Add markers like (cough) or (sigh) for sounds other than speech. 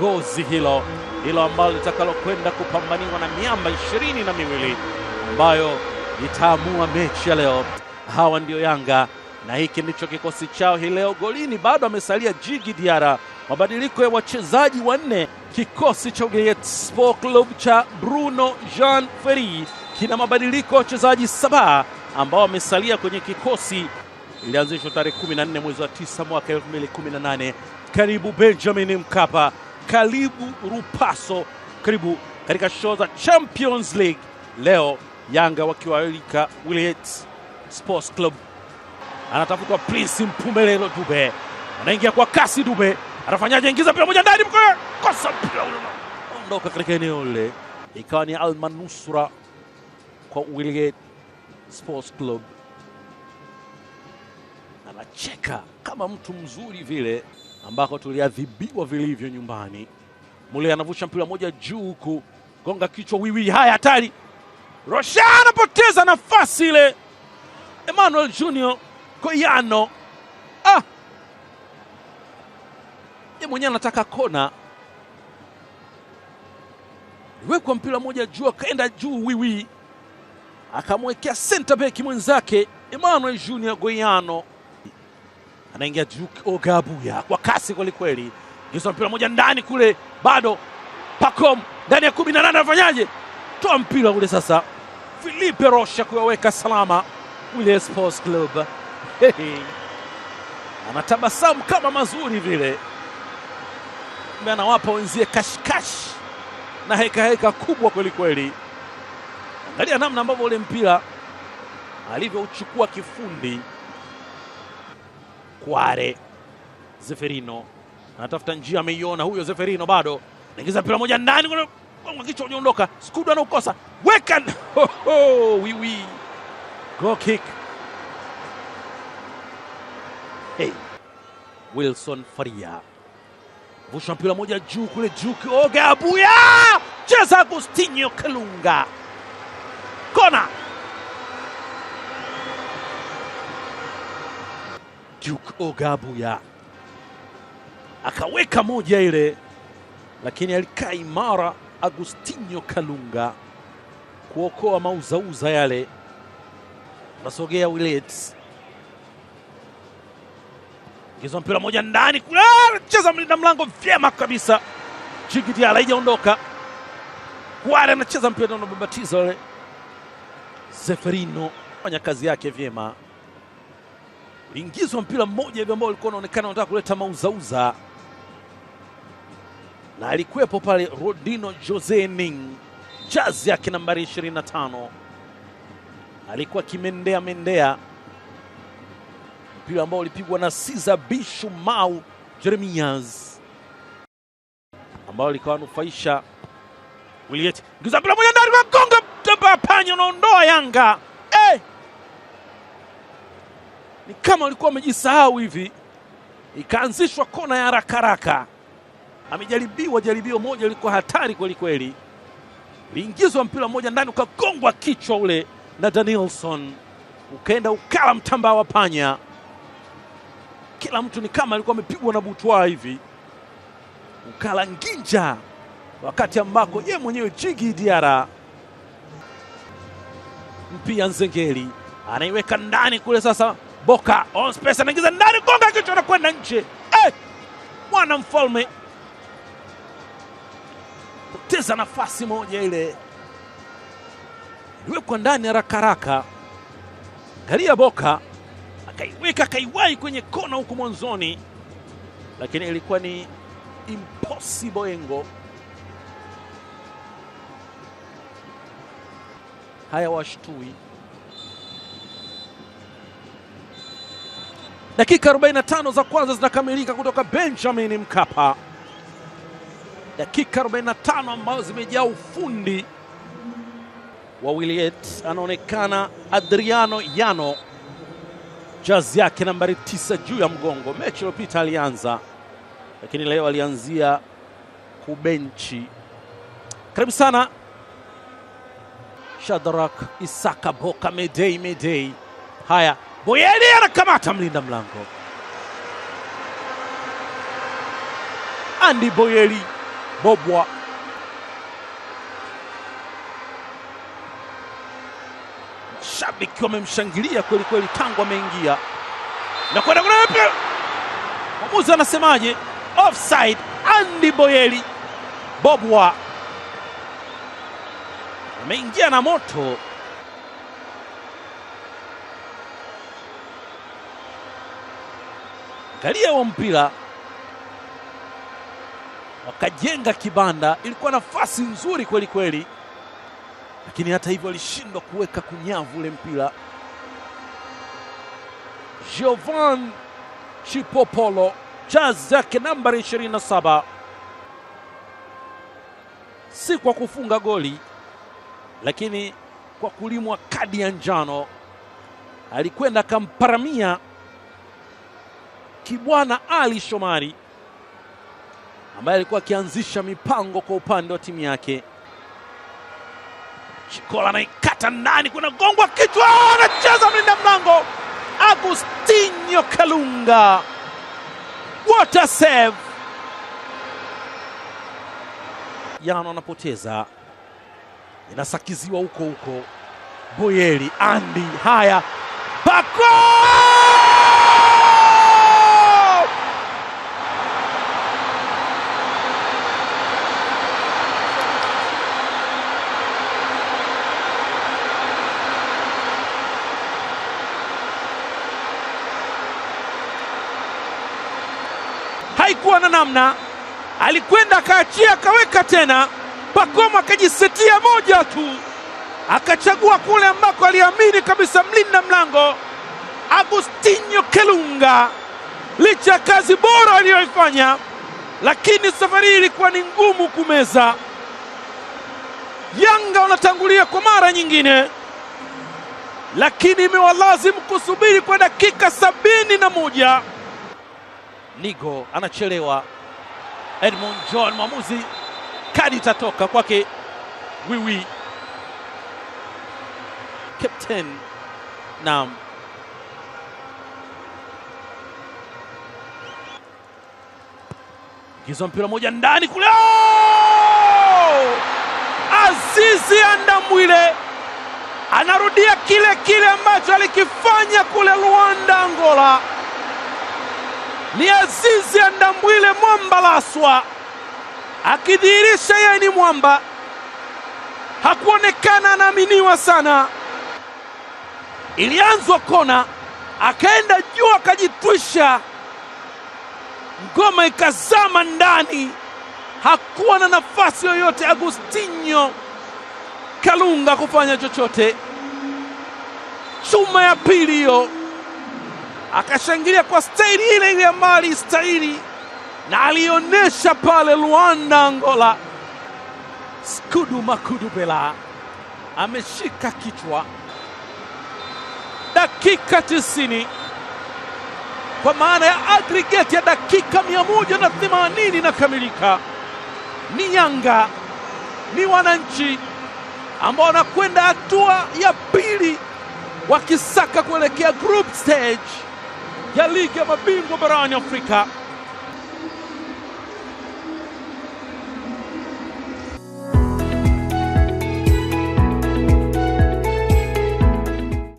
gozi hilo hilo ambalo litakalokwenda kupambaniwa na miamba ishirini na miwili ambayo itaamua mechi ya leo. Hawa ndiyo Yanga na hiki ndicho kikosi chao hii leo. Golini bado amesalia Jigi Diara, mabadiliko ya wachezaji wanne. Kikosi cha Ugeyet Sport Club cha Bruno Jean Ferri kina mabadiliko ya wachezaji saba ambao wamesalia kwenye kikosi. Ilianzishwa tarehe 14 mwezi wa 9 mwaka 2018 karibu Benjamin Mkapa karibu rupaso karibu katika show za Champions League leo, Yanga wakiwaalika Wiliete Sports Club. Anatafutwa Prince Mpumelelo Dube, anaingia kwa kasi. Dube anafanyaje? Ingiza pia moja ndani, kosa mpira ule ondoka katika eneo lile, ikawa ni almanusra kwa Wiliete Sports Club. Anacheka kama mtu mzuri vile ambako tuliadhibiwa vilivyo nyumbani. Mule anavusha mpira moja juu huku gonga kichwa wiwi, haya hatari! rosha anapoteza nafasi ile. Emmanuel Junior Koyano ah, ye mwenyewe anataka kona, liwekwa mpira moja juu, akaenda juu wiwi, akamwekea center beki mwenzake Emmanuel Junior Goyano anaingia Duke Ogabuya kwa kasi kwelikweli, giza mpira moja ndani kule, bado Pacom ndani ya kumi na nane anafanyaje? Toa mpira ule sasa, Filipe Rosha kuyaweka salama Wydad Sports Club. Hey, anatabasamu kama mazuri vile, kumbe anawapa wenzie kashikashi na hekaheka kubwa kwelikweli. Angalia namna ambavyo ule mpira alivyouchukua kifundi. Kware Zeferino anatafuta njia, ameiona huyo Zeferino, bado naingiza mpira moja ndani kwa kichwa, unaondoka Skudu anaukosa, weka wiwi (laughs) goal kick. Hey, Wilson Faria vusha mpira moja juu kule juu, Kioga Abuya cheza Agustinho Kalunga kona Duke Ogabuya akaweka moja ile, lakini alikaa imara Agustinho Kalunga kuokoa mauzauza yale. Nasogea Willets, ingizwa mpira moja ndani kule, ah, anacheza mlinda mlango vyema kabisa. Jigidiala haijaondoka Kware anacheza mpira na babatiza wale. Zeferino fanya kazi yake vyema ingizwa mpira mmoja hivi ambao alikuwa anaonekana anataka kuleta mauzauza, na alikuwepo pale Rodino Jose Ning, jazi yake nambari 25 alikuwa akimendea mendea mpira ambao ulipigwa na Siza Bishu Mau Jeremias, ambao anufaisha Williet, ingiza mpira moja ndani kwa mgongo, panya unaondoa Yanga ni kama walikuwa wamejisahau hivi, ikaanzishwa kona ya haraka haraka. Amejaribiwa jaribio moja liko hatari kweli kweli, liingizwa mpira mmoja ndani ukagongwa kichwa ule na Danielson ukaenda ukala mtambaa wa panya. Kila mtu ni kama alikuwa amepigwa na butwaa hivi, ukala nginja, wakati ambako yeye mwenyewe Jigi Diara mpia Nzengeli anaiweka ndani kule sasa. Boka on space anaingiza ndani, gonga kichwa na kwenda nje. Eh, mwana mfalme poteza nafasi moja ile, iliwekwa ndani haraka haraka. Angalia Boka akaiweka akaiwahi kwenye kona huku mwanzoni, lakini ilikuwa ni impossible engo. Haya washtui Dakika 45 za kwanza zinakamilika kutoka Benjamin Mkapa, dakika 45 ambazo zimejaa ufundi wa Williet. Anaonekana Adriano Yano, jazi yake nambari tisa juu ya mgongo. Mechi iliyopita alianza, lakini leo alianzia kubenchi. Karibu sana Shadrack Isaka Boka Medei Medei, haya Boyeli anakamata mlinda mlango Andy Boyeli Bobwa mashabiki wamemshangilia kweli kweli tangu ameingia na kwenda kulepe. Mwamuzi anasemaje? Offside. Andy Boyeli Bobwa ameingia na moto. Angalia huo mpira, wakajenga kibanda, ilikuwa nafasi nzuri kweli kweli, lakini hata hivyo walishindwa kuweka kunyavu ule mpira. Giovan Chipopolo jaz yake nambari 27 si kwa kufunga goli, lakini kwa kulimwa kadi ya njano, alikwenda akamparamia Kibwana Ali Shomari ambaye alikuwa akianzisha mipango kwa upande wa timu yake. Chikola anaikata ndani, kuna gongwa kichwa, anacheza mlinda mlango Agustinho Kalunga. What a save! Yano anapoteza, inasakiziwa huko huko. Boyeli Andi, haya Bako haikuwa na namna, alikwenda akaachia, akaweka tena. pakoma akajisetia moja tu, akachagua kule ambako aliamini kabisa mlinda mlango Agustinho Kelunga. Licha ya kazi bora aliyoifanya, lakini safari hii ilikuwa ni ngumu kumeza. Yanga wanatangulia kwa mara nyingine, lakini imewalazimu kusubiri kwa dakika sabini na moja. Nigo anachelewa. Edmund John mwamuzi, kadi itatoka kwake Wiwi captain. nam gizo mpira moja ndani kule, oh! Azizi Andamwile anarudia kile kile ambacho alikifanya kule Luanda, Angola ni Azizi andambwile mwamba laswa, akidhihirisha yeye ni mwamba, hakuonekana anaaminiwa sana. Ilianzwa kona, akaenda juu, akajitwisha ngoma, ikazama ndani, hakuwa na nafasi yoyote Agustinho Kalunga kufanya chochote. Chuma ya pili hiyo akashangilia kwa staili ile ile mali staili na alionyesha pale Luanda, Angola. Skudu Makudu Bela ameshika kichwa, dakika tisini kwa maana ya aggregate ya dakika mia moja na themanini inakamilika. Ni Yanga ni wananchi ambao wanakwenda hatua ya pili wakisaka kuelekea group stage ya ligi ya mabingwa barani Afrika.